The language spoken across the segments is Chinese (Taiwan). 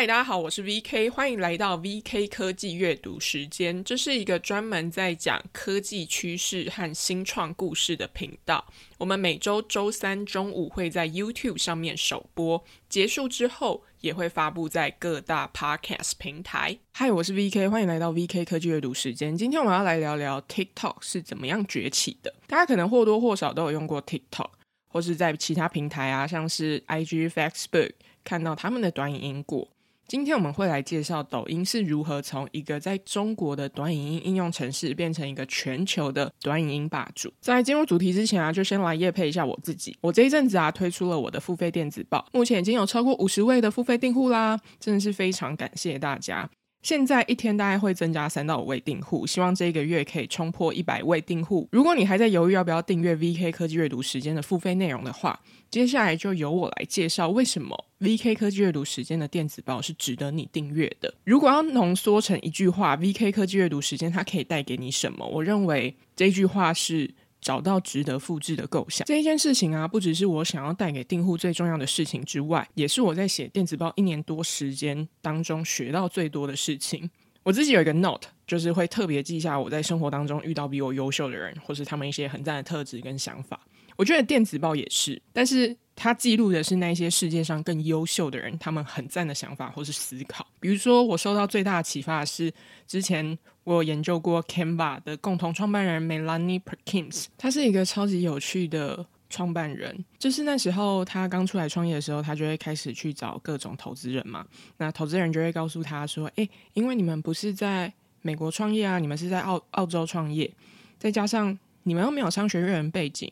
嗨，Hi，大家好，我是 VK，歡迎來到 VK 科技閱讀時間。這是一個專門在講科技趨勢和新創故事的頻道。我們每周周三中午會在 YouTube 上面首播，結束之後也會發布在各大 Podcast 平台。嗨，我是 VK，歡迎來到 VK 科技閱讀時間。今天我們要來聊聊 TikTok 是怎麼樣崛起的。大家可能或多或少都有用過 TikTok，或是在其他平台啊，像是 IG、Facebook 看到他們的短影音過。今天我們會來介紹抖音是如何從一個在中國的短影音應用程式，變成一個全球的短影音霸主。在進入主題之前啊，就先來業配一下我自己。我這一陣子啊，推出了我的付費電子報，目前已經有超過五十位的付費訂戶啦，真的是非常感謝大家。現在一天大概會增加三到五位訂戶，希望這個月可以衝破一百位訂戶。如果你還在猶豫要不要訂閱 VK 科技閱讀時間的付費內容的話，接下來就由我來介紹為什麼 VK 科技閱讀時間的電子報是值得你訂閱的。如果要濃縮成一句話，VK 科技閱讀時間它可以帶給你什麼？我認為這句話是。找到值得複製的構想，這一件事情啊，不只是我想要帶給訂戶最重要的事情之外，也是我在寫電子報一年多時間當中學到最多的事情。我自己有一個 note，就是會特別記下我在生活當中遇到比我優秀的人，或是他們一些很讚的特質跟想法。我覺得電子報也是，但是，他記錄的是那些世界上更優秀的人，他們很贊的想法或是思考。比如說，我受到最大的啟發的是，之前我有研究過 Canva 的共同創辦人 Melanie Perkins，他是一個超級有趣的創辦人。就是那時候他剛出來創業的時候，他就會開始去找各種投資人嘛。那投資人就會告訴他說：“誒，因為你們不是在美國創業啊，你們是在澳澳洲創業，再加上你們又沒有商學院背景。”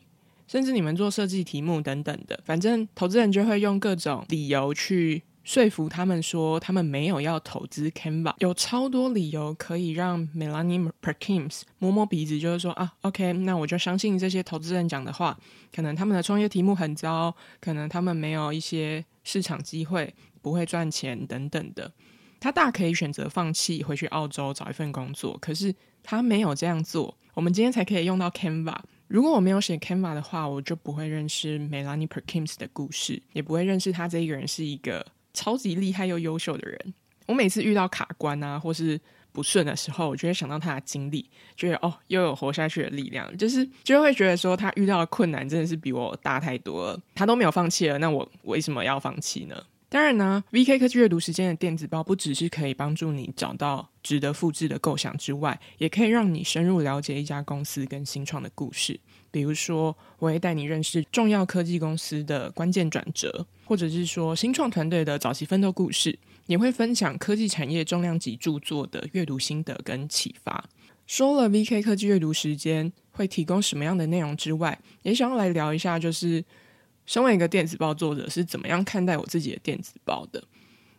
甚至你們做設計題目等等的，反正投資人就會用各種理由去說服他們，說他們沒有要投資 Canva，有超多理由可以讓 Melanie Perkins 摸摸鼻子，就是說啊，OK，那我就相信這些投資人講的話，可能他們的創業題目很糟，可能他們沒有一些市場機會，不會賺錢等等的，他大可以選擇放棄，回去澳洲找一份工作，可是他沒有這樣做，我們今天才可以用到 Canva。如果我沒有寫 Canva 的話，我就不會認識 Melanie Perkins 的故事，也不會認識她這一個人是一個超級厲害又優秀的人。我每次遇到卡關啊或是不順的時候，我就會想到他的經歷，就會哦，又有活下去的力量。就是就會覺得說，他遇到的困難真的是比我大太多了，他都沒有放棄了，那我，我為什麼要放棄呢？當然呢，VK 科技閱讀時間的電子報不只是可以幫助你找到值得複製的構想之外，也可以讓你深入了解一家公司跟新創的故事。比如說，我會帶你認識重要科技公司的關鍵轉折，或者是說新創團隊的早期奮鬥故事。也會分享科技產業重量級著作的閱讀心得跟啟發。說了 VK 科技閱讀時間會提供什麼樣的內容之外，也想要來聊一下就是。身為一個電子報作者，是怎麼樣看待我自己的電子報的？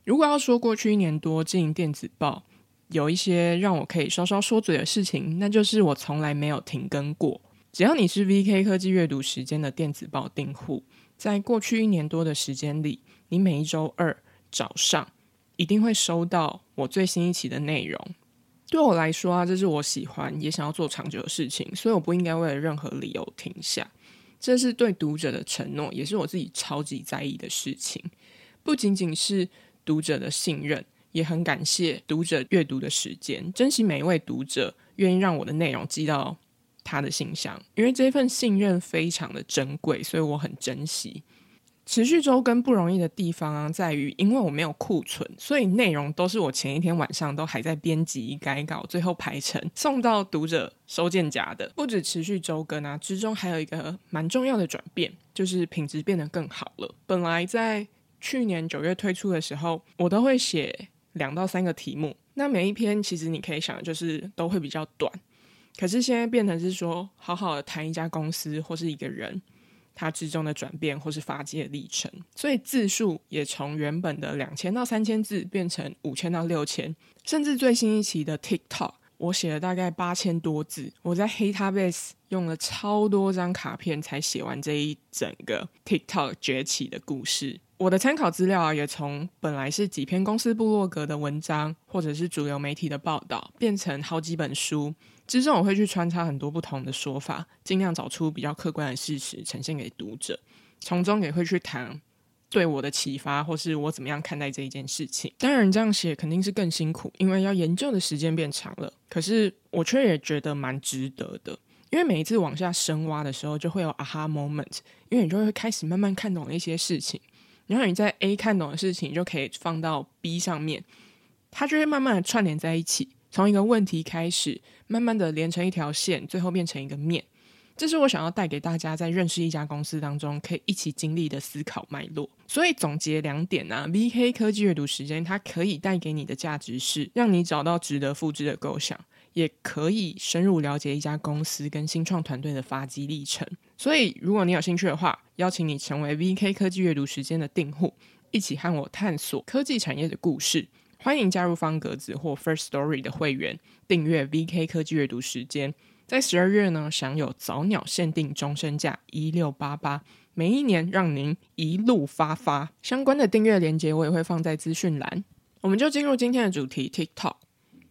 如果要說過去一年多經營電子報，有一些讓我可以稍稍說嘴的事情，那就是我從來沒有停更過。只要你是 VK 科技閱讀時間的電子報訂戶，在過去一年多的時間裡，你每一周二早上一定會收到我最新一期的內容。對我來說啊，這是我喜歡也想要做長久的事情，所以我不應該為了任何理由停下。這是對讀者的承諾，也是我自己超級在意的事情。不僅僅是讀者的信任，也很感謝讀者閱讀的時間，珍惜每一位讀者願意讓我的內容寄到他的信箱。因為這份信任非常的珍貴，所以我很珍惜。持續周更不容易的地方啊，在於，因為我沒有庫存，所以內容都是我前一天晚上都還在編輯改稿，最後排成送到讀者收件夾的。不止持續周更啊，之中還有一個蠻重要的轉變，就是品質變得更好了。本來在去年九月推出的時候，我都會寫兩到三個題目，那每一篇其實你可以想的，就是都會比較短。可是現在變成是說，好好的談一家公司或是一個人。它之中的轉變，或是發跡的歷程，所以字數也從原本的兩千到三千字，變成五千到六千，甚至最新一期的 TikTok，我寫了大概八千多字。我在 Heptabase 用了超多張卡片才寫完這一整個 TikTok 崛起的故事。我的參考資料啊，也從本來是幾篇公司部落格的文章，或者是主流媒體的報道，變成好幾本書。其實我會去穿插很多不同的說法，盡量找出比較客觀的事實，呈現給讀者。從中也會去談對我的啟發，或是我怎麼樣看待這一件事情。當然，這樣寫肯定是更辛苦，因為要研究的時間變長了。可是我卻也覺得蠻值得的，因為每一次往下深挖的時候，就會有 aha moment，因為你就會開始慢慢看懂一些事情。然後你在 A 看懂的事情，你就可以放到 B 上面，它就會慢慢的串聯在一起。從一個問題開始，慢慢的連成一條線，最後變成一個面。這是我想要帶給大家，在認識一家公司當中，可以一起經歷的思考脈絡。所以總結兩點啊，VK 科技閱讀時間，它可以帶給你的價值是，讓你找到值得複製的構想，也可以深入了解一家公司跟新創團隊的發跡歷程。所以，如果你有興趣的話，邀請你成為 VK 科技閱讀時間的訂戶，一起和我探索科技產業的故事。歡迎加入方格子或 First Story 的會員，訂閱 VK 科技閱讀時間，在十二月呢享有，早鳥限定終身價一六八八，每一年讓您一路發發。相關的訂閱鏈接我也會放在資訊欄。我們就進入今天的主題 TikTok。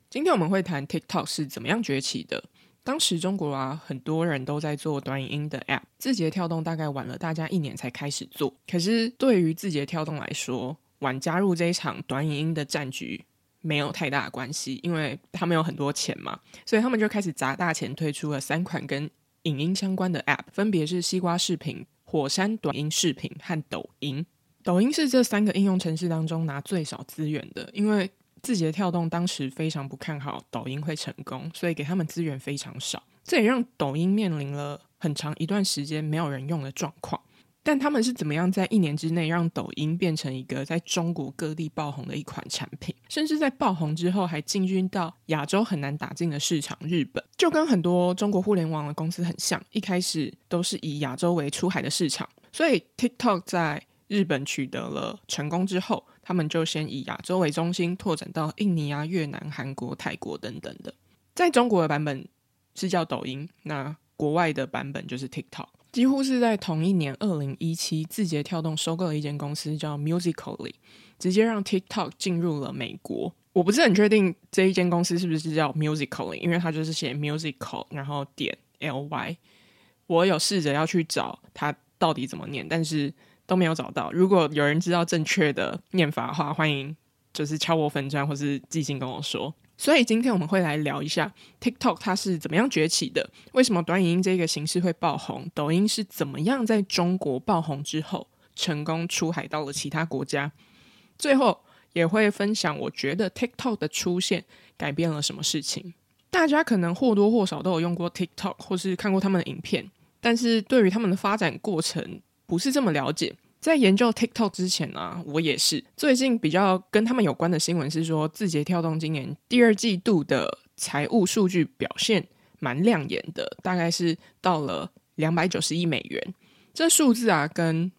今天我們會談 TikTok 是怎麼樣崛起的。當時中國啊，很多人都在做短影音的 App，字節跳動大概晚了大家一年才開始做。可是對於字節跳動來說，晚加入這一場短影音的戰局沒有太大的關係，因為他們有很多錢嘛，所以他們就開始砸大錢，推出了三款跟影音相關的 App，分別是西瓜視頻、火山短音視頻和抖音。抖音是這三個應用程式當中拿最少資源的，因為字節跳動當時非常不看好抖音會成功，所以給他們資源非常少，這也讓抖音面臨了很長一段時間沒有人用的狀況。但他們是怎麼樣在一年之內讓抖音變成一個在中國各地爆紅的一款產品，甚至在爆紅之後還進軍到亞洲很難打進的市場，日本。就跟很多中國互聯網的公司很像，一開始都是以亞洲為出海的市場，所以 TikTok 在日本取得了成功之後，他們就先以亞洲為中心拓展到印尼啊、越南、韓國、泰國等等的。在中國的版本是叫抖音，那國外的版本就是 TikTok。幾乎是在同一年，二零一七，字節跳動收購了一間公司，叫 Musically，直接讓 TikTok 進入了美國。我不是很確定這一間公司是不是叫 Musically，因為它就是寫 Musical，然後點 l y。我有試着要去找它到底怎麼念，但是都沒有找到。如果有人知道正確的念法的話，歡迎，就是敲我粉專，或是寄信跟我說。所以今天我們會來聊一下 TikTok 它是怎麼樣崛起的，為什麼短影音這個形式會爆紅，抖音是怎麼樣在中國爆紅之後成功出海到了其他國家。最後也會分享我覺得 TikTok 的出現改變了什麼事情。嗯。大家可能或多或少都有用過 TikTok 或是看過他們的影片，但是對於他們的發展過程不是這麼了解。在研究 TikTok 之前呢、啊，我也是，最近比較跟他們有關的新聞是說，字節跳動今年第二季度的財務數據表現蠻亮眼的，大概是到了兩百九十億美元。這數字啊，跟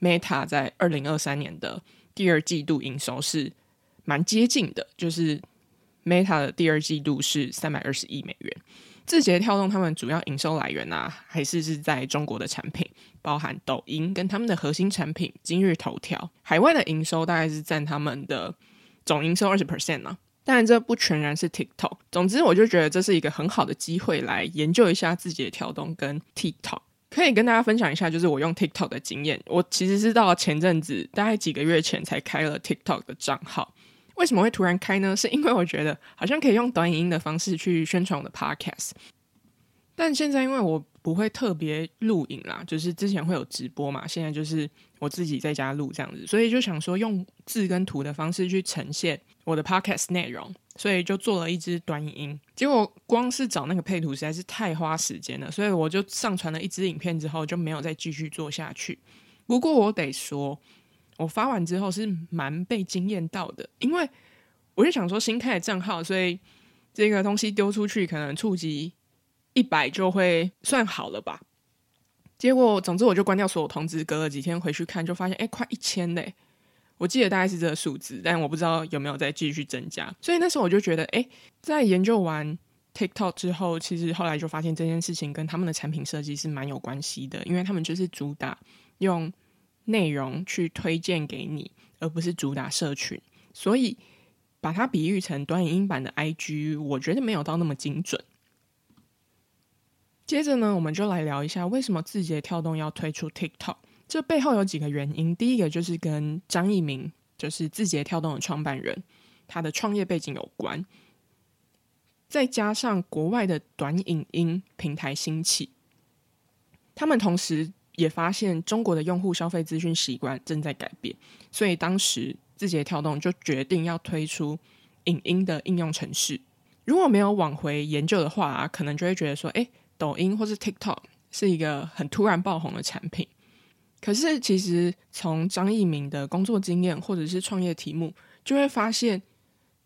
Meta 在二零二三年的第二季度營收是蠻接近的，就是 Meta 的第二季度是三百二十億美元。字節跳動他們主要營收來源啊，還是是在中國的產品，包含抖音跟他們的核心產品今日頭條。海外的營收大概是佔他們的總營收二十 percent 啊，當然這不全然是 TikTok。總之，我就覺得這是一個很好的機會來研究一下字節跳動跟 TikTok。可以跟大家分享一下，就是我用 TikTok 的經驗。我其實是到前陣子，大概幾個月前才開了 TikTok 的賬號。為什麼會突然開呢？是因為我覺得好像可以用短影音的方式去宣傳我的 podcast，但現在因為我不會特別錄影啦，就是之前會有直播嘛，現在就是我自己在家錄這樣子，所以就想說用字跟圖的方式去呈現我的 podcast 內容，所以就做了一支短影音，結果光是找那個配圖實在是太花時間了，所以我就上傳了一支影片之後就沒有再繼續做下去。不過我得說。我發完之後是蠻被驚豔到的，因為我就想說新開的賬號，所以這個東西丟出去可能觸及一百就會算好了吧。結果，總之我就關掉所有通知，隔了幾天回去看，就發現，誒，欸，快一千嘞！我記得大概是這個數字，但我不知道有沒有再繼續增加。所以那時候我就覺得，誒，欸，在研究完 TikTok 之後，其實後來就發現這件事情跟他們的產品設計是蠻有關係的，因為他們就是主打用。內容去推薦給你，而不是主打社群，所以把它比喻成短影音版的 IG，我覺得沒有到那麼精準。接着呢，我們就來聊一下為什麼字節跳動要推出 TikTok。這背後有幾個原因，第一個就是跟張一鳴，就是字節跳動的創辦人，他的創業背景有關，再加上國外的短影音平台興起，他們同時，也發現中國的用戶消費資訊習慣正在改變，所以當時字節跳動就決定要推出影音的應用程式。如果沒有往回研究的話，啊，可能就會覺得說：“哎、欸，抖音或是 TikTok 是一個很突然爆紅的產品。”可是其實從張一鳴的工作經驗或者是創業題目，就會發現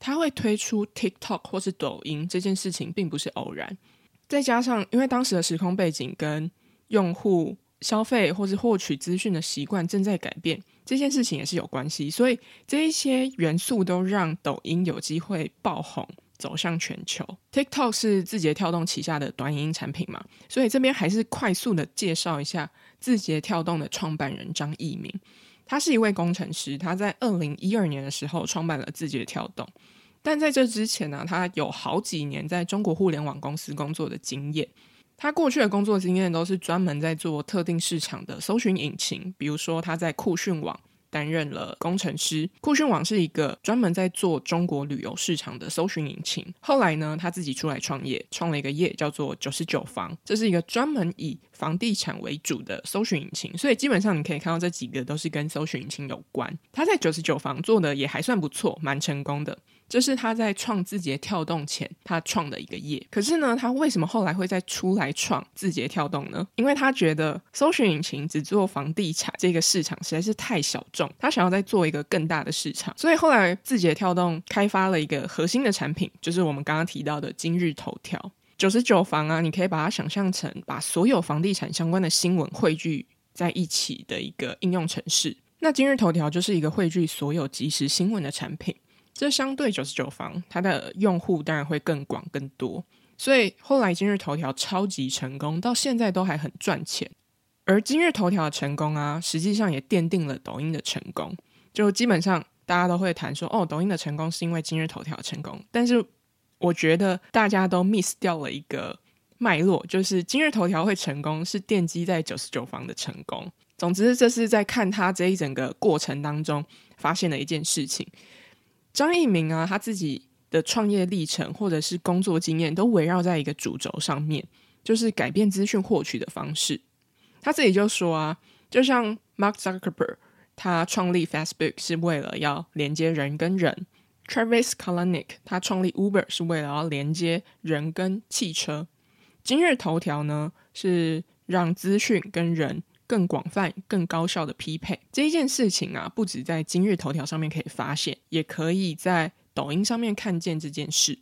他會推出 TikTok 或是抖音這件事情並不是偶然。再加上因為當時的時空背景跟用戶。消費或是獲取資訊的習慣正在改變，這件事情也是有關係，所以這一些元素都讓抖音有機會爆紅，走向全球。TikTok 是字節跳動旗下的短影音產品嘛，所以這邊還是快速的介紹一下字節跳動的創辦人張一鳴。他是一位工程師，他在二零一二年的時候創辦了字節跳動，但在這之前呢、啊，他有好幾年在中國互聯網公司工作的經驗。他過去的工作經驗都是專門在做特定市場的搜尋引擎，比如說他在酷訊網擔任了工程師，酷訊網是一個專門在做中國旅遊市場的搜尋引擎。後來呢，他自己出來創業，創了一個業叫做九十九房，這是一個專門以房地產為主的搜尋引擎。所以基本上你可以看到這幾個都是跟搜尋引擎有關。他在九十九房做的也還算不錯，蠻成功的。就是他在創字節跳動前，他創的一個業。可是呢，他為什麼後來會再出來創字節跳動呢？因為他覺得搜尋引擎只做房地產這個市場實在是太小眾，他想要再做一個更大的市場。所以後來字節跳動開發了一個核心的產品，就是我們剛剛提到的今日頭條。九十九房啊，你可以把它想象成把所有房地產相關的新聞匯聚在一起的一個應用程式。那今日頭條就是一個匯聚所有即時新聞的產品。這相對九十九房，它的用戶當然會更廣、更多，所以後來今日頭條超級成功，到現在都還很賺錢。而今日頭條的成功啊，實際上也奠定了抖音的成功。就基本上大家都會談說，哦，抖音的成功是因為今日頭條成功。但是我覺得大家都 miss 掉了一個脈絡，就是今日頭條會成功是奠基在九十九房的成功。總之，這是在看它這一整個過程當中發現的一件事情。張一鳴啊，他自己的創業歷程或者是工作經驗，都圍繞在一個主軸上面，就是改變資訊獲取的方式。他自己就說啊，就像 Mark Zuckerberg 他創立 Facebook 是為了要連接人跟人，Travis Kalanick 他創立 Uber 是為了要連接人跟汽車。今日頭條呢，是讓資訊跟人。更廣泛、更高效的匹配這一件事情啊，不止在今日頭條上面可以發現，也可以在抖音上面看見這件事。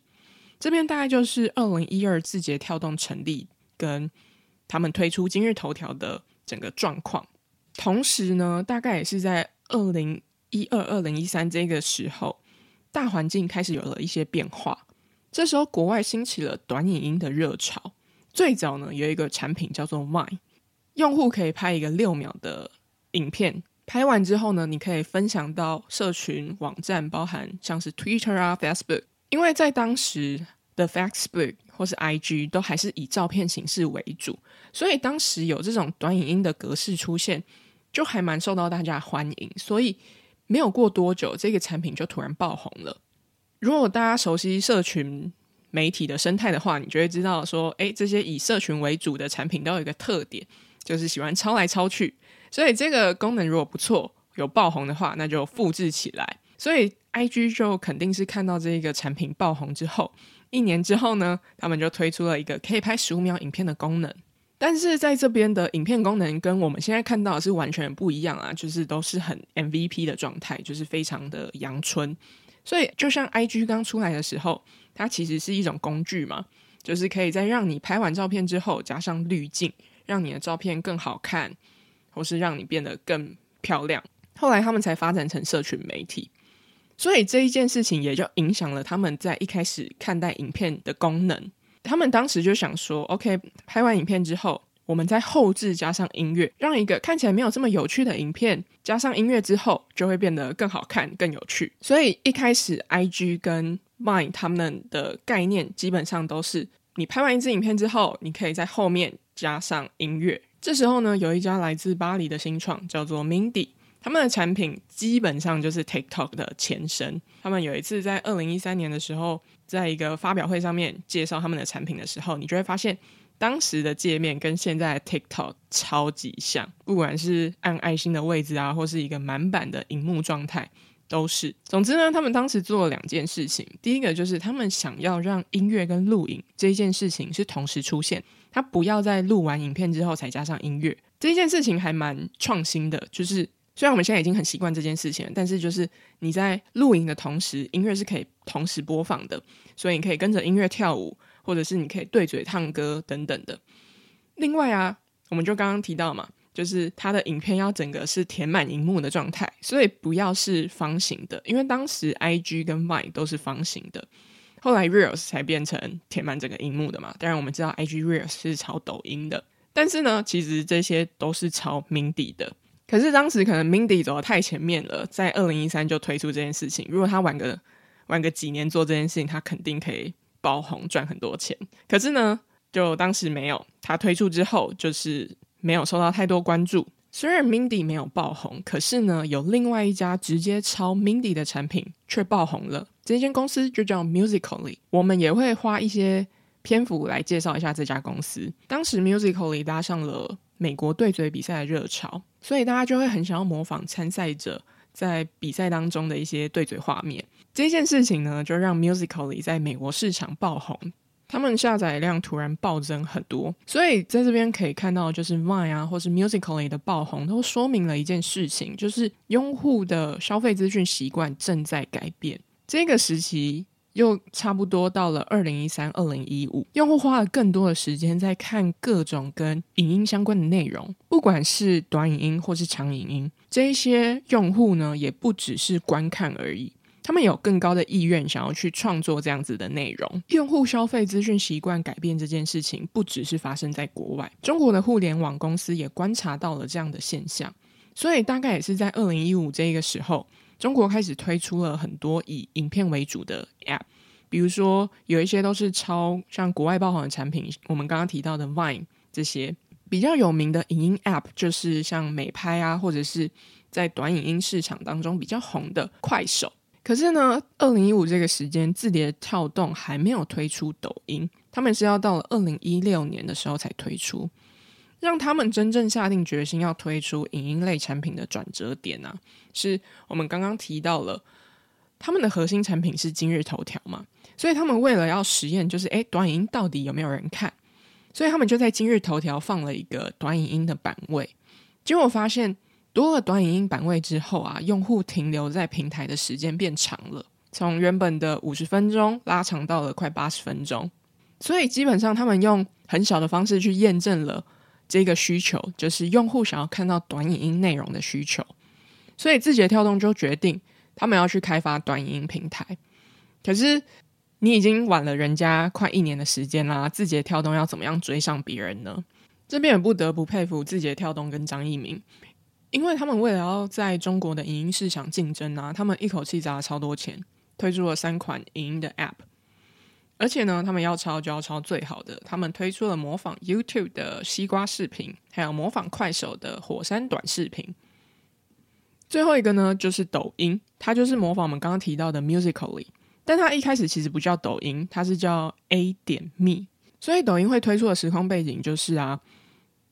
這邊大概就是二零一二，字節跳動成立跟他們推出今日頭條的整個狀況。同時呢，大概也是在二零一二、二零一三這個時候，大環境開始有了一些變化。這時候，國外興起了短影音的熱潮，最早呢有一個產品叫做 Mine 用戶可以拍一個六秒的影片，拍完之後呢，你可以分享到社群網站，包含像是 Twitter 啊、Facebook。因為在當時的 Facebook 或是 IG 都還是以照片形式為主，所以當時有這種短影音的格式出現，就還蠻受到大家歡迎。所以沒有過多久，這個產品就突然爆紅了。如果大家熟悉社群媒體的生態的話，你就會知道說，誒，這些以社群為主的產品都有一個特點。就是喜歡抄來抄去，所以這個功能如果不錯，有爆紅的話，那就複製起來。所以 IG 就肯定是看到這個產品爆紅之後，一年之後呢，他們就推出了一個可以拍十五秒影片的功能。但是在這邊的影片功能跟我們現在看到的是完全不一樣啊，就是都是很 MVP 的狀態，就是非常的陽春。所以就像 IG 剛出來的時候，它其實是一種工具嘛，就是可以在讓你拍完照片之後加上濾鏡。讓你的照片更好看，或是讓你變得更漂亮。後來他們才發展成社群媒體，所以這一件事情也就影響了他們在一開始看待影片的功能。他們當時就想說：“OK，拍完影片之後，我們在後製加上音樂，讓一個看起來沒有這麼有趣的影片加上音樂之後，就會變得更好看、更有趣。”所以一開始，IG 跟 Mine 他們的概念基本上都是：你拍完一支影片之後，你可以在後面，加上音樂，這時候呢，有一家來自巴黎的新創叫做 Mindy，他們的產品基本上就是 TikTok 的前身。他們有一次在二零一三年的時候，在一個發表會上面介紹他們的產品的時候，你就會發現當時的界面跟現在 TikTok 超級像，不管是按愛心的位置啊，或是一個滿版的熒幕狀態。都是。總之呢，他們當時做了兩件事情。第一個就是他們想要讓音樂跟錄影這一件事情是同時出現，他不要在錄完影片之後才加上音樂。這件事情還蠻創新的，就是雖然我們現在已經很習慣這件事情了，但是就是你在錄影的同時，音樂是可以同時播放的，所以你可以跟着音樂跳舞，或者是你可以對嘴唱歌等等的。另外啊，我們就剛剛提到嘛。就是它的影片要整個是填滿熒幕的狀態，所以不要是方形的，因為當時 I G 跟 Vine 都是方形的，後來 Reels 才變成填滿整個熒幕的嘛。當然我們知道 I G Reels 是抄抖音的，但是呢，其實這些都是抄 Mindy 的。可是當時可能 Mindy 走得太前面了，在二零一三就推出這件事情。如果他晚個晚個幾年做這件事情，他肯定可以爆紅賺很多錢。可是呢，就當時沒有他推出之後，就是。沒有受到太多關注。雖然 Mindy 沒有爆紅，可是呢，有另外一家直接抄 Mindy 的產品卻爆紅了。這間公司就叫 Musical.ly，我們也會花一些篇幅來介紹一下這家公司。當時 Musical.ly 搭上了美國對嘴比賽的熱潮，所以大家就會很想要模仿參賽者在比賽當中的一些對嘴畫面。這件事情呢，就讓 Musical.ly 在美國市場爆紅。他們下載量突然暴增很多，所以在這邊可以看到，就是 Vine 啊，或是 Musically 的爆紅，都說明了一件事情，就是用戶的消費資訊習慣正在改變。這個時期又差不多到了二零一三、二零一五，用戶花了更多的時間在看各種跟影音相關的內容，不管是短影音或是長影音，這一些用戶呢，也不只是觀看而已。他們有更高的意願想要去創作這樣子的內容。用戶消費資訊習慣改變這件事情，不只是發生在國外，中國的互聯網公司也觀察到了這樣的現象。所以，大概也是在二零一五這個時候，中國開始推出了很多以影片為主的 App，比如說有一些都是超像國外爆紅的產品，我們剛剛提到的 Vine 這些比較有名的影音 App，就是像美拍啊，或者是在短影音市場當中比較紅的快手。可是呢，二零一五這個時間，字節跳動還沒有推出抖音，他們是要到了二零一六年的時候才推出，讓他們真正下定決心要推出影音類產品的轉折點呢、啊，是我們剛剛提到了，他們的核心產品是今日頭條嘛，所以他們為了要實驗，就是誒、欸、短影音到底有沒有人看，所以他們就在今日頭條放了一個短影音的版位，結果發現，多了短影音版位之後啊，用戶停留在平台的時間變長了，從原本的五十分鐘拉長到了快八十分鐘。所以基本上他們用很小的方式去驗證了這個需求，就是用戶想要看到短影音內容的需求。所以字節跳動就決定他們要去開發短影音平台。可是你已經晚了人家快一年的時間啦，字節跳動要怎麼樣追上別人呢？這邊也不得不佩服字節跳動跟張一鳴。因為他們為了要在中國的影音市場競爭啊，他們一口氣砸了超多錢，推出了三款影音的 App，而且呢，他們要抄就要抄最好的，他們推出了模仿 YouTube 的西瓜視頻，還有模仿快手的火山短視頻，最後一個呢就是抖音，它就是模仿我們剛剛提到的 Musically，但它一開始其實不叫抖音，它是叫 A 點 Me，所以抖音會推出的時空背景就是啊。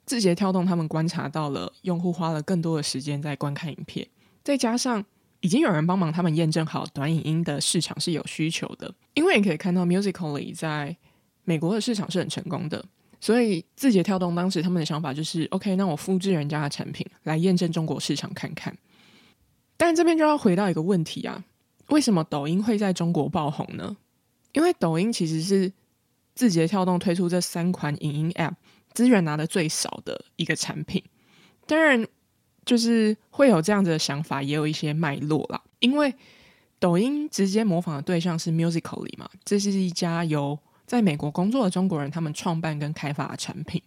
字節跳動他們觀察到了用戶花了更多的時間在觀看影片，再加上已經有人幫忙他們驗證好短影音的市場是有需求的，因為你可以看到 Musically 在美國的市場是很成功的，所以字節跳動當時他們的想法就是 OK，那我複製人家的產品來驗證中國市場看看。但這邊就要回到一個問題啊，為什麼抖音會在中國爆紅呢？因為抖音其實是字節跳動推出這三款影音 App。資源拿的最少的一個產品，當然就是會有這樣子的想法，也有一些脈絡啦。因為抖音直接模仿的對象是 Musically 嘛，這是一家由在美國工作的中國人他們創辦跟開發的產品。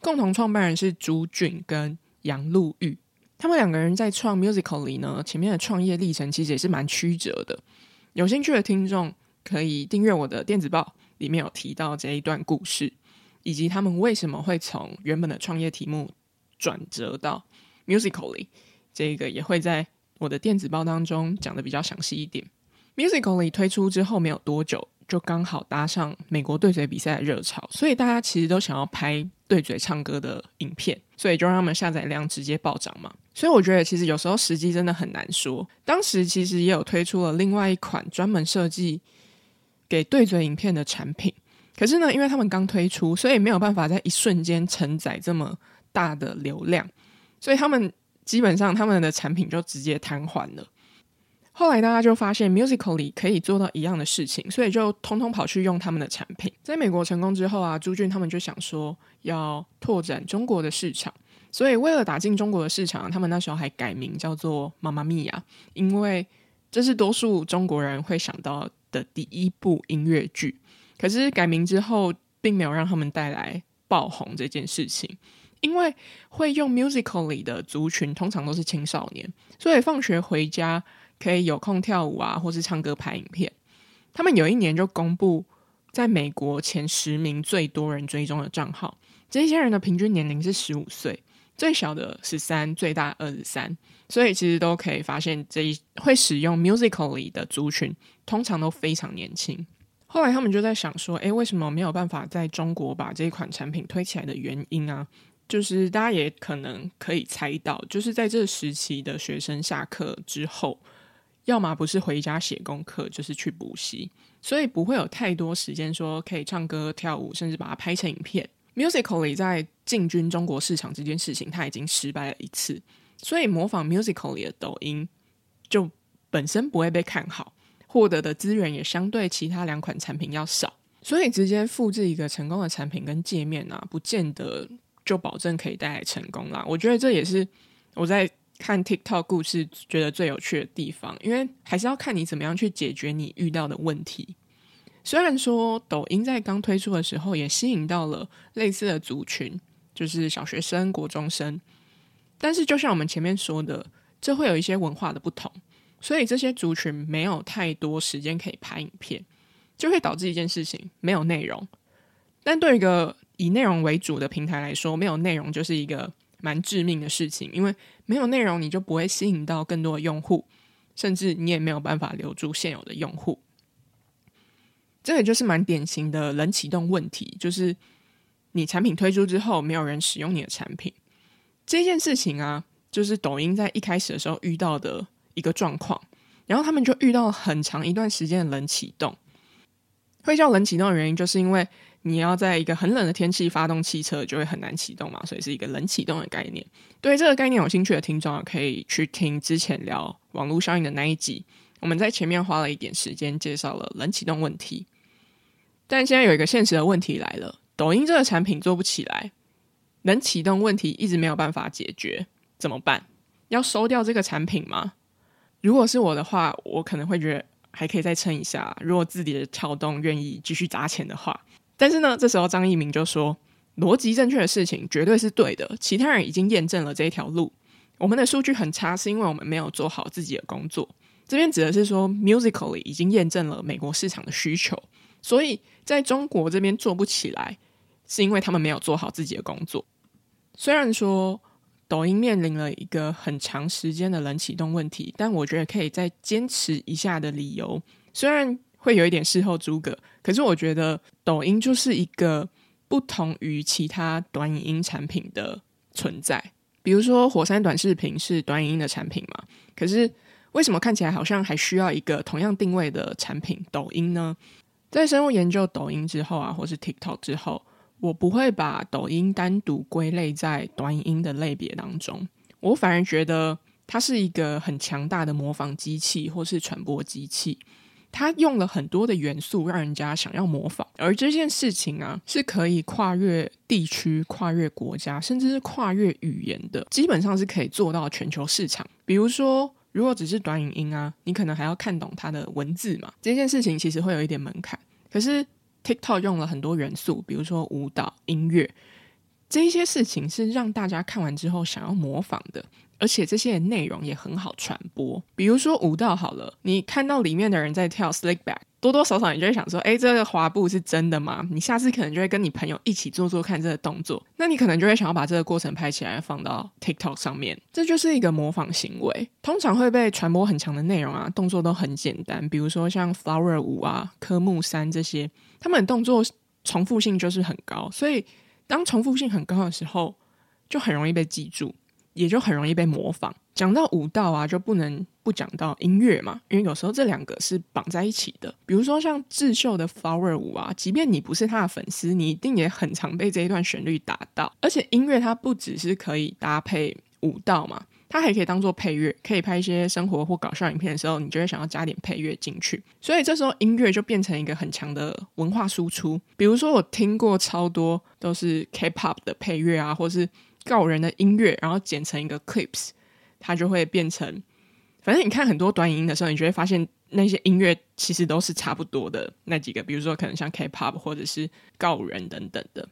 共同創辦人是朱俊跟楊露玉，他們兩個人在創 Musically 呢，前面的創業歷程其實也是蠻曲折的。有興趣的聽眾可以訂閱我的電子報，裡面有提到這一段故事。以及他們為什麼會從原本的創業題目轉折到 Musically，這個也會在我的電子報當中講的比較詳細一點。Musically 推出之後沒有多久，就剛好搭上美國對嘴比賽的熱潮，所以大家其實都想要拍對嘴唱歌的影片，所以就讓他們下載量直接暴漲嘛。所以我覺得其實有時候時機真的很難說。當時其實也有推出了另外一款專門設計給對嘴影片的產品。可是呢，因為他們剛推出，所以沒有辦法在一瞬間承載這麼大的流量，所以他們基本上他們的產品就直接癱瘓了。後來大家就發現，Musically 可以做到一樣的事情，所以就通通跑去用他們的產品。在美國成功之後啊，朱駿他們就想說要拓展中國的市場，所以為了打進中國的市場，啊，他們那時候還改名叫做《媽媽咪呀》，因為這是多數中國人會想到的第一部音樂劇。可是改名之後，並沒有讓他們帶來爆紅這件事情。因為會用 Musically 的族群通常都是青少年，所以放學回家可以有空跳舞啊，或是唱歌拍影片。他們有一年就公布在美國前十名最多人追蹤的賬號，這些人的平均年齡是十五歲，最小的十三，最大二十三。所以其實都可以發現這一，這會使用 Musically 的族群通常都非常年輕。後來他們就在想說，誒、欸，為什麼沒有辦法在中國把這一款產品推起來的原因啊？就是大家也可能可以猜到，就是在這時期的學生下課之後，要麼不是回家寫功課，就是去補習，所以不會有太多時間說可以唱歌跳舞，甚至把它拍成影片。Musical.ly 在進軍中國市場這件事情，它已經失敗了一次，所以模仿 Musical.ly 的抖音就本身不會被看好。獲得的資源也相對其他兩款產品要少，所以直接複製一個成功的產品跟界面呢、啊，不見得就保證可以帶來成功啦。我覺得這也是我在看 TikTok 故事覺得最有趣的地方，因為還是要看你怎麼樣去解決你遇到的問題。雖然說抖音在剛推出的時候也吸引到了類似的族群，就是小學生、國中生，但是就像我們前面說的，這會有一些文化的不同。所以這些族群沒有太多時間可以拍影片，就會導致一件事情，沒有內容。但對一個以內容為主的平台來說，沒有內容就是一個蠻致命的事情，因為沒有內容，你就不會吸引到更多的用戶，甚至你也沒有辦法留住現有的用戶。這也就是蠻典型的冷啟動問題，就是你產品推出之後沒有人使用你的產品這件事情啊，就是抖音在一開始的時候遇到的一個狀況，然後他們就遇到了很長一段時間的冷啟動。會叫冷啟動的原因，就是因為你要在一個很冷的天氣發動汽車，就會很難啟動嘛，所以是一個冷啟動的概念。對於這個概念有興趣的聽眾可以去聽之前聊網絡效應的那一集。我們在前面花了一點時間介紹了冷啟動問題，但現在有一個現實的問題來了：抖音這個產品做不起來，冷啟動問題一直沒有辦法解決，怎麼辦？要收掉這個產品嗎？如果是我的話，我可能會覺得還可以再撐一下。如果字節跳動願意繼續砸錢的話，但是呢，這時候張一鳴就說：“邏輯正確的事情絕對是對的，其他人已經驗證了這一條路。我們的數據很差，是因為我們沒有做好自己的工作。”這邊指的是說，Musically 已經驗證了美國市場的需求，所以在中國這邊做不起來，是因為他們沒有做好自己的工作。雖然說。抖音面臨了一個很長時間的冷啟動問題，但我覺得可以再堅持一下的理由，雖然會有一點事後諸葛，可是我覺得抖音就是一個不同於其他短影音產品的存在。比如說，火山短視頻是短影音的產品嘛，可是為什麼看起來好像還需要一個同樣定位的產品抖音呢？在深入研究抖音之後啊，或是 TikTok 之後。我不會把抖音單獨歸類在短影音的類別當中，我反而覺得它是一個很強大的模仿機器或是傳播機器。它用了很多的元素讓人家想要模仿，而這件事情啊是可以跨越地區、跨越國家，甚至是跨越語言的，基本上是可以做到全球市場。比如說，如果只是短影音啊，你可能還要看懂它的文字嘛，這件事情其實會有一點門檻。可是。TikTok 用了很多元素，比如說舞蹈、音樂，這一些事情是讓大家看完之後想要模仿的，而且這些內容也很好傳播。比如說舞蹈好了，你看到裡面的人在跳 Slickback。多多少少你就會想說，哎，這個滑步是真的嗎？你下次可能就會跟你朋友一起做做看這個動作，那你可能就會想要把這個過程拍起來放到 TikTok 上面，這就是一個模仿行為。通常會被傳播很強的內容啊，動作都很簡單，比如說像 Flower 五啊、科目三這些，他們的動作重複性就是很高，所以當重複性很高的時候，就很容易被記住，也就很容易被模仿。講到舞蹈啊，就不能不講到音樂嘛，因為有時候這兩個是綁在一起的。比如說像智秀的《flower》舞啊，即便你不是他的粉絲，你一定也很常被這一段旋律打到。而且音樂它不只是可以搭配舞蹈嘛，它還可以當做配樂，可以拍一些生活或搞笑影片的時候，你就會想要加點配樂進去。所以這時候音樂就變成一個很強的文化輸出。比如說我聽過超多都是 K-pop 的配樂啊，或是。告五人的音樂，然後剪成一個 clips，它就會變成。反正你看很多短影音的時候，你就會發現那些音樂其實都是差不多的那幾個，比如說可能像 K-pop 或者是告五人等等的。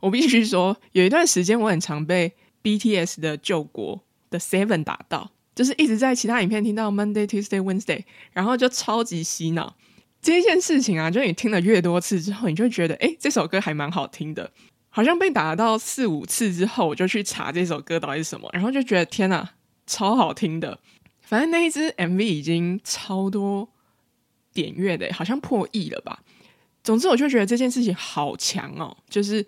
我必須說，有一段時間我很常被 BTS 的柾國的 Seven 打到，就是一直在其他影片聽到 Monday、Tuesday、Wednesday，然後就超級洗腦。這件事情啊，就是你聽了越多次之後，你就覺得哎，這首歌還蠻好聽的。好像被打到四五次之後，我就去查這首歌到底是什麼，然後就覺得天吶，超好聽的。反正那一支 MV 已經超多點閱的、欸，好像破億了吧。總之，我就覺得這件事情好強哦、喔，就是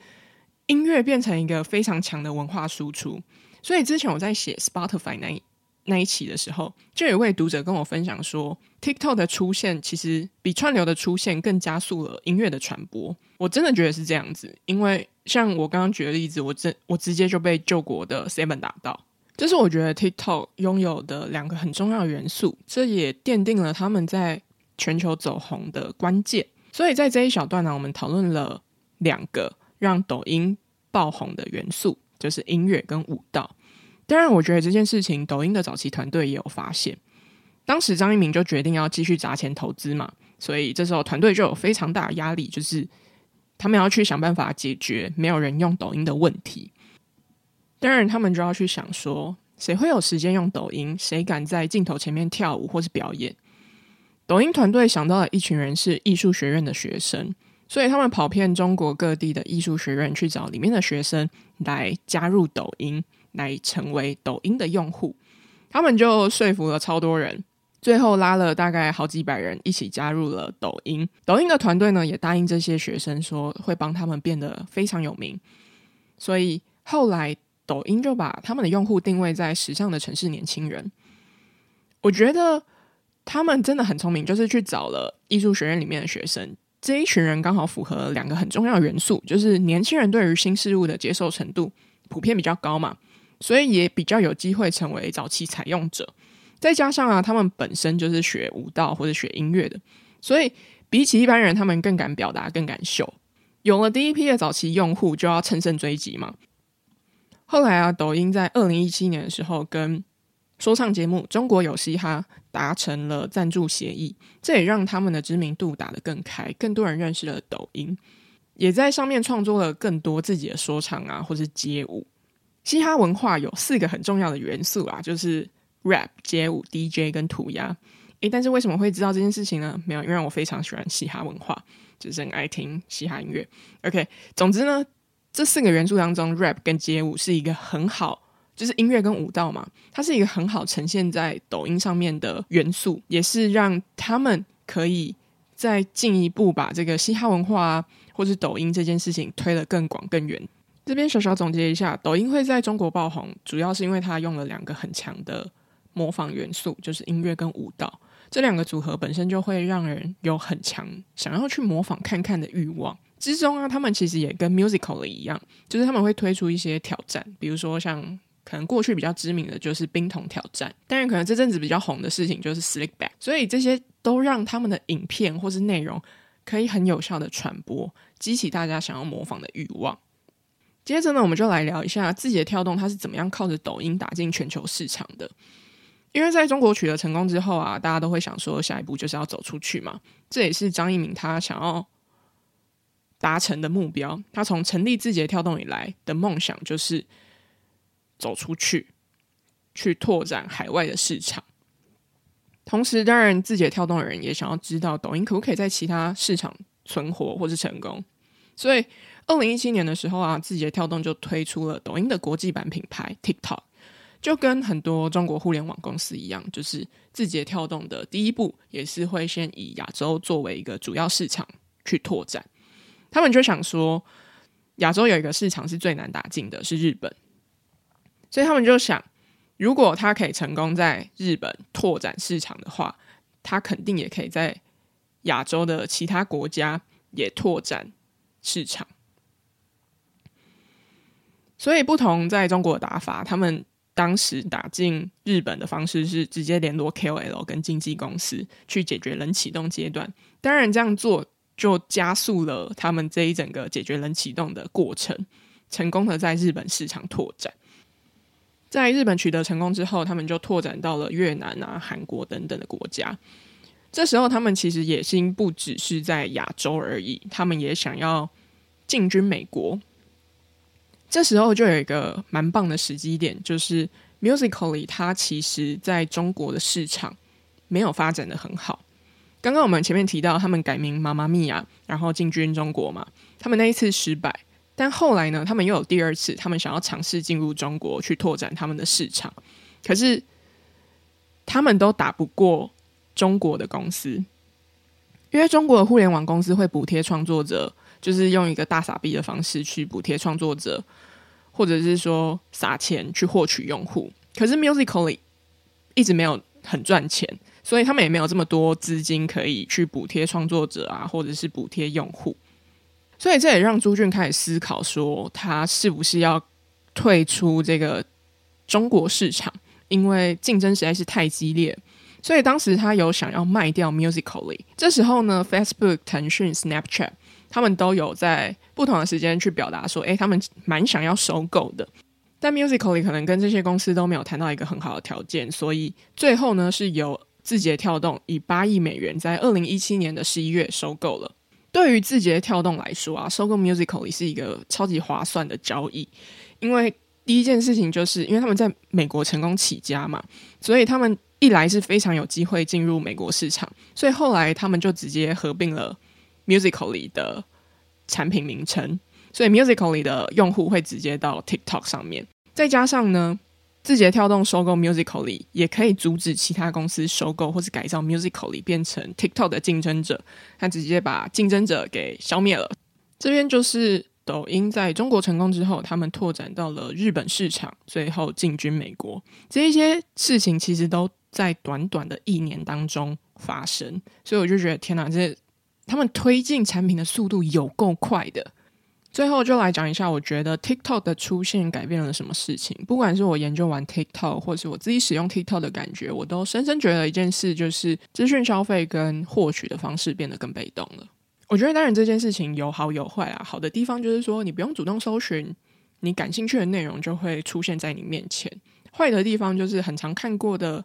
音樂變成一個非常強的文化輸出。所以之前我在寫 Spotify 那那一期的時候，就有位讀者跟我分享說，TikTok 的出現其實比串流的出現更加速了音樂的傳播。我真的覺得是這樣子，因為。像我剛剛舉的例子，我直我直接就被救國的 Seven 打到，這是我覺得 TikTok 擁有的兩個很重要的元素，這也奠定了他們在全球走紅的關鍵。所以在這一小段呢、啊，我們討論了兩個讓抖音爆紅的元素，就是音樂跟舞蹈。當然，我覺得這件事情抖音的早期團隊也有發現，當時張一鳴就決定要繼續砸錢投資嘛，所以這時候團隊就有非常大的壓力，就是。他們要去想辦法解決沒有人用抖音的問題，當然，他們就要去想說，誰會有時間用抖音？誰敢在鏡頭前面跳舞或是表演？抖音團隊想到了一群人是藝術學院的學生，所以他們跑遍中國各地的藝術學院，去找裡面的學生來加入抖音，來成為抖音的用戶。他們就說服了超多人。最後拉了大概好幾百人一起加入了抖音。抖音的團隊呢，也答應這些學生說會幫他們變得非常有名。所以後來抖音就把他們的用戶定位在時尚的城市年輕人。我覺得他們真的很聰明，就是去找了藝術學院裡面的學生。這一群人剛好符合兩個很重要的元素，就是年輕人對於新事物的接受程度普遍比較高嘛，所以也比較有機會成為早期採用者。再加上啊，他們本身就是學舞蹈或者學音樂的，所以比起一般人，他們更敢表達、更敢秀。有了第一批的早期用戶，就要乘勝追擊嘛。後來啊，抖音在二零一七年的時候跟說唱節目《中國有嘻哈》達成了贊助協議，這也讓他們的知名度打得更開，更多人認識了抖音，也在上面創作了更多自己的說唱啊，或是街舞。嘻哈文化有四個很重要的元素啊，就是。rap、街舞、DJ 跟塗鴉，誒，但是為什麼會知道這件事情呢？沒有，因為我非常喜歡嘻哈文化，就是很愛聽嘻哈音樂。OK，總之呢，這四個元素當中，rap 跟街舞是一個很好，就是音樂跟舞蹈嘛，它是一個很好呈現在抖音上面的元素，也是讓他們可以再進一步把這個嘻哈文化、啊、或是抖音這件事情推得更廣更遠。這邊小小總結一下，抖音會在中國爆紅，主要是因為它用了兩個很強的模仿元素，就是音樂跟舞蹈這兩個組合本身就會讓人有很強想要去模仿看看的慾望。之中啊，他們其實也跟 musically 一樣，就是他們會推出一些挑戰，比如說像可能過去比較知名的就是冰桶挑戰，當然可能這陣子比較紅的事情就是 slickback。所以這些都讓他們的影片或是內容可以很有效地傳播，激起大家想要模仿的慾望。接着呢，我們就來聊一下字節跳動它是怎麼樣靠着抖音打進全球市場的。因為在中國取得成功之後啊，大家都會想說，下一步就是要走出去嘛。這也是張一鳴他想要達成的目標。他從成立字節跳動以來的夢想就是走出去，去拓展海外的市場。同時，當然字節跳動的人也想要知道抖音可不可以在其他市場存活或是成功。所以，二零一七年的時候啊，字節跳動就推出了抖音的國際版品牌 TikTok。就跟很多中國互聯網公司一樣，就是字節跳動的第一步也是會先以亞洲作為一個主要市場去拓展，他們就想說，亞洲有一個市場是最難打進的，是日本，所以他們就想，如果他可以成功在日本拓展市場的話，他肯定也可以在亞洲的其他國家也拓展市場。所以不同在中國的打法，他們當時打進日本的方式是直接聯絡 KOL 跟經紀公司去解決冷啟動階段，當然這樣做就加速了他們這一整個解決冷啟動的過程，成功的在日本市場拓展。在日本取得成功之後，他們就拓展到了越南啊、韓國等等的國家。這時候他們其實野心不只是在亞洲而已，他們也想要進軍美國。這時候就有一個蠻棒的時機點，就是 Musically 它其實在中國的市場沒有發展得很好。剛剛我們前面提到，他們改名媽媽咪呀，然後進軍中國嘛，他們那一次失敗，但後來呢，他們又有第二次，他們想要嘗試進入中國去拓展他們的市場，可是他們都打不過中國的公司，因為中國的互聯網公司會補貼創作者。就是用一個大撒幣的方式去補貼創作者，或者是說撒錢去獲取用戶。可是 Musically 一直沒有很賺錢，所以他們也沒有這麼多資金可以去補貼創作者啊，或者是補貼用戶。所以這也讓朱駿開始思考，說他是不是要退出這個中國市場，因為競爭實在是太激烈。所以當時他有想要賣掉 Musically。這時候呢，Facebook、騰訊、Snapchat。他們都有在不同的時間去表達說，誒、欸，他們蠻想要收購的。但 Musically 可能跟這些公司都沒有談到一個很好的條件，所以最後呢，是由字節跳動以八億美元在二零一七年的十一月收購了。對於字節跳動來說啊，收購 Musically 是一個超級划算的交易，因為第一件事情就是因為他們在美國成功起家嘛，所以他們一來是非常有機會進入美國市場，所以後來他們就直接合併了，Musically 的產品名稱，所以 Musically 的用戶會直接到 TikTok 上面。再加上呢，字節跳動收購 Musically，也可以阻止其他公司收購或是改造 Musically，變成 TikTok 的競爭者。他直接把競爭者給消滅了。這邊就是抖音在中國成功之後，他們拓展到了日本市場，最後進軍美國。這一些事情其實都在短短的一年當中發生，所以我就覺得天吶，這！他們推進產品的速度有夠快的。最後就來講一下，我覺得 TikTok 的出現改變了什麼事情。不管是我研究完 TikTok，或是我自己使用 TikTok 的感覺，我都深深覺得一件事，就是資訊消費跟獲取的方式變得更被動了。我覺得當然這件事情有好有壞啊。好的地方就是說，你不用主動搜尋你感興趣的內容，就會出現在你面前。壞的地方就是，很常看過的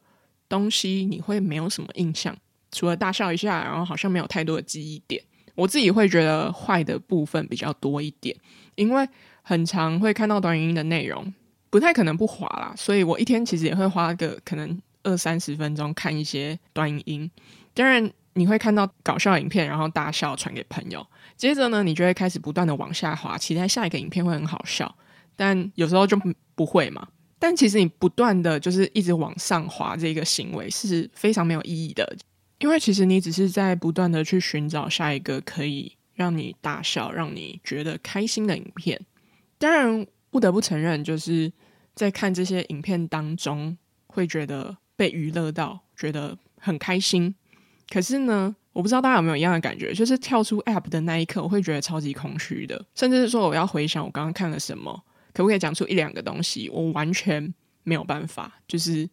東西，你會沒有什麼印象。除了大笑一下，然後好像沒有太多的記憶點。我自己會覺得壞的部分比較多一點，因為很常會看到短影音的內容，不太可能不滑啦。所以我一天其實也會花個可能二三十分鐘看一些短影音。當然你會看到搞笑影片，然後大笑傳給朋友，接着呢你就會開始不斷的往下滑，期待下一個影片會很好笑，但有時候就不會嘛。但其實你不斷的就是一直往上滑這個行為是非常沒有意義的。因為其實你只是在不斷的去尋找下一個可以讓你大笑、讓你覺得開心的影片。當然不得不承認，就是在看這些影片當中，會覺得被娛樂到，覺得很開心。可是呢，我不知道大家有沒有一樣的感覺，就是跳出 App 的那一刻，我會覺得超級空虛的，甚至是說我要回想我剛剛看了什麼，可不可以講出一兩個東西？我完全沒有辦法。就是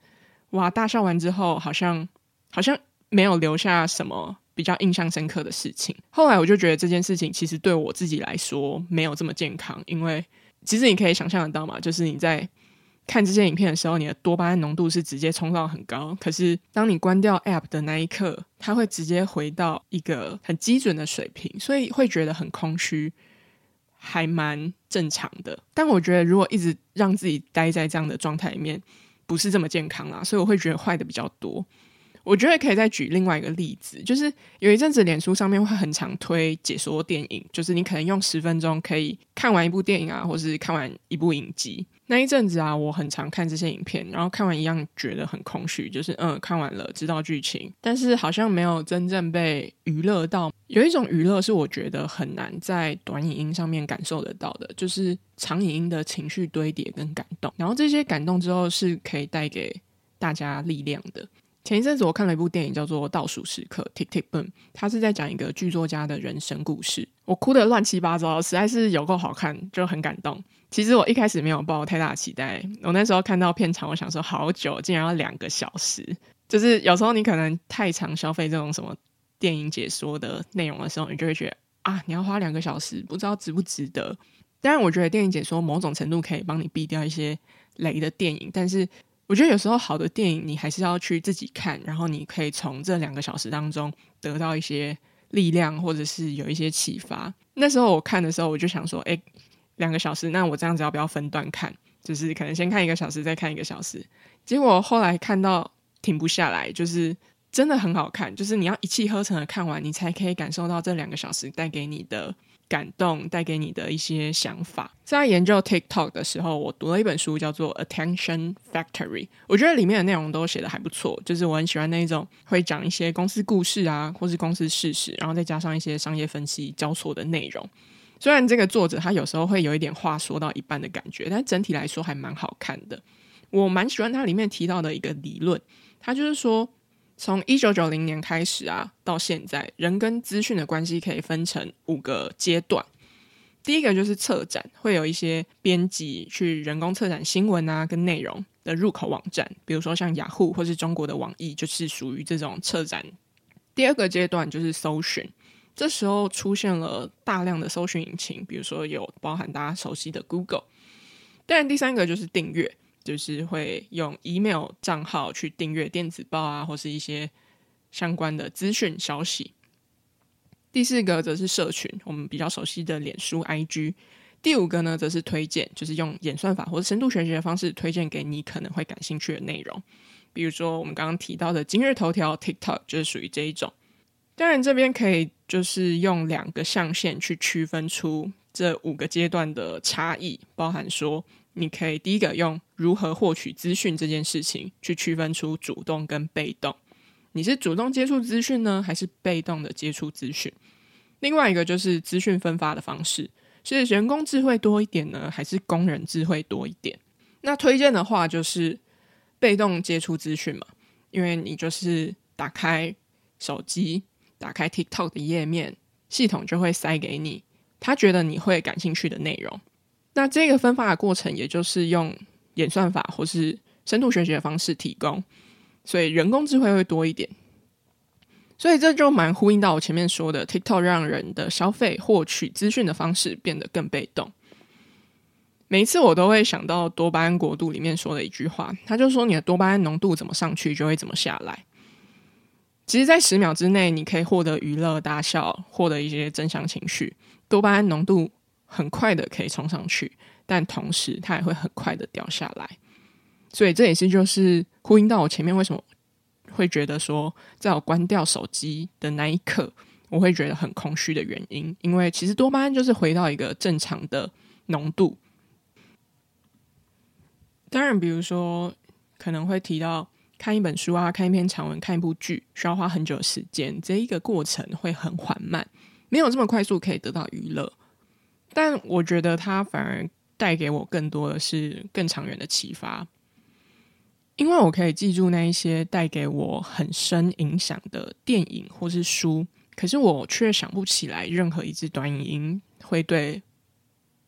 哇，大笑完之後，好像好像。沒有留下什麼比較印象深刻的事情。後來我就覺得這件事情其實對我自己來說沒有這麼健康，因為其實你可以想象得到嘛，就是你在看這些影片的時候，你的多巴胺濃度是直接衝到很高，可是當你關掉 App 的那一刻，它會直接回到一個很基準的水平，所以會覺得很空虛，還蠻正常的。但我覺得如果一直讓自己待在這樣的狀態裡面，不是這麼健康啦，所以我會覺得壞的比較多。我覺得可以再舉另外一個例子，就是有一陣子，臉書上面會很常推解說電影，就是你可能用十分鐘可以看完一部電影啊，或是看完一部影集。那一陣子啊，我很常看這些影片，然後看完一樣覺得很空虛，就是嗯，看完了知道劇情，但是好像沒有真正被娛樂到。有一種娛樂是我覺得很難在短影音上面感受得到的，就是長影音的情緒堆疊跟感動，然後這些感動之後是可以帶給大家力量的。前一陣子我看了一部電影，叫做《倒數時刻 t i k t i k Boom），它是在講一個劇作家的人生故事。我哭得亂七八糟，實在是有夠好看，就很感動。其實我一開始沒有抱太大的期待，我那時候看到片場，我想說好久，竟然要兩個小時。就是有時候你可能太常消費這種什麼電影解說的內容的時候，你就會覺得啊，你要花兩個小時，不知道值不值得。當然，我覺得電影解說某種程度可以幫你避掉一些雷的電影，但是。我覺得有時候好的電影，你還是要去自己看，然後你可以從這兩個小時當中得到一些力量，或者是有一些啟發。那時候我看的時候，我就想說，哎、欸，兩個小時，那我這樣子要不要分段看？就是可能先看一個小時，再看一個小時。結果後來看到停不下來，就是真的很好看，就是你要一氣呵成的看完，你才可以感受到這兩個小時帶給你的。感動帶給你的一些想法。在研究 TikTok 的時候，我讀了一本書，叫做《Attention Factory》。我覺得裡面的內容都寫得還不錯，就是我很喜歡那種會講一些公司故事啊，或是公司事實，然後再加上一些商業分析交錯的內容。雖然這個作者他有時候會有一點話說到一半的感覺，但整體來說還蠻好看的。我蠻喜歡他裡面提到的一個理論，他就是說。從一九九零年開始啊，到現在，人跟資訊的關係可以分成五個階段。第一個就是策展，會有一些編輯去人工策展新聞啊，跟內容的入口網站，比如說像雅虎、ah、或是中國的網易，就是屬於這種策展。第二個階段就是搜尋，這時候出現了大量的搜尋引擎，比如說有包含大家熟悉的 Google。但第三個就是訂閱。就是會用 email 賬號去訂閱電子報啊，或是一些相關的資訊消息。第四個則是社群，我們比較熟悉的臉書、IG。第五個呢，則是推薦，就是用演算法或者深度學習的方式推薦給你可能會感興趣的內容。比如說我們剛剛提到的今日頭條、TikTok 就是屬於這一種。當然，這邊可以就是用兩個象限去區分出這五個階段的差異，包含說。你可以第一個用如何獲取資訊這件事情去區分出主動跟被動，你是主動接觸資訊呢，還是被動的接觸資訊？另外一個就是資訊分發的方式，是人工智慧多一點呢，還是工人智慧多一點？那推薦的話就是被動接觸資訊嘛，因為你就是打開手機，打開 TikTok 的頁面，系統就會塞給你，他覺得你會感興趣的內容。那這個分發的過程，也就是用演算法或是深度學習的方式提供，所以人工智慧會多一點。所以這就蠻呼應到我前面說的，TikTok 讓人的消費獲取資訊的方式變得更被動。每一次我都會想到多巴胺國度裡面說的一句話，他就說你的多巴胺濃度怎麼上去就會怎麼下來。其實，在十秒之內，你可以獲得娛樂、大笑，獲得一些正向情緒，多巴胺濃度很快的可以衝上去，但同時它也會很快的掉下來，所以這也是就是呼應到我前面為什麼會覺得說，在我關掉手機的那一刻，我會覺得很空虛的原因。因為其實多巴胺就是回到一個正常的濃度。當然，比如說可能會提到看一本書啊，看一篇長文，看一部劇，需要花很久的時間，這一個過程會很緩慢，沒有這麼快速可以得到娛樂。但我覺得它反而帶給我更多的是更長遠的啟發，因為我可以記住那一些帶給我很深影響的電影或是書，可是我卻想不起來任何一支短影音會對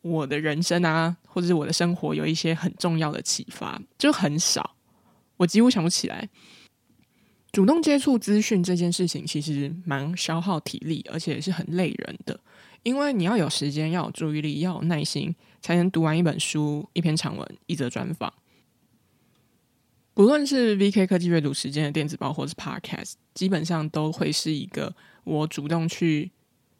我的人生啊，或者是我的生活有一些很重要的啟發，就很少，我幾乎想不起來。主動接觸資訊這件事情其實蠻消耗體力，而且是很累人的。因為你要有時間，要有注意力，要有耐心，才能讀完一本書、一篇長文、一則專訪。不論是 VK 科技閱讀時間的電子報，或是 Podcast，基本上都會是一個我主動去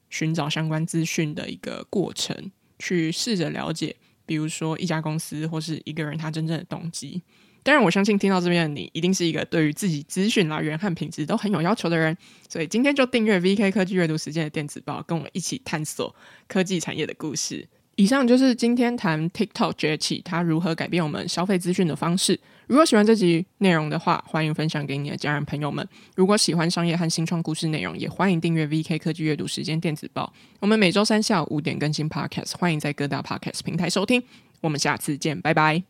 尋找相關資訊的一個過程，去試着了解，比如說一家公司或是一個人他真正的動機。當然，我相信聽到這邊的你，一定是一個對於自己資訊來源和品質都很有要求的人。所以今天就訂閱 VK 科技閱讀時間的電子報，跟我們一起探索科技產業的故事。以上就是今天談 TikTok 崛起，它如何改變我們消費資訊的方式。如果喜歡這集內容的話，歡迎分享給你的家人朋友們。如果喜歡商業和新創故事內容，也歡迎訂閱 VK 科技閱讀時間電子報。我們每週三下午五點更新 Podcast，歡迎在各大 Podcast 平台收聽。我們下次見，拜拜。